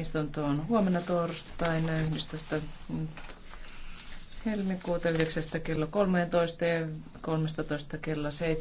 Istunto on huomenna torstaina 11. helmikuuta 9. kello 13 ja 13 kello 7.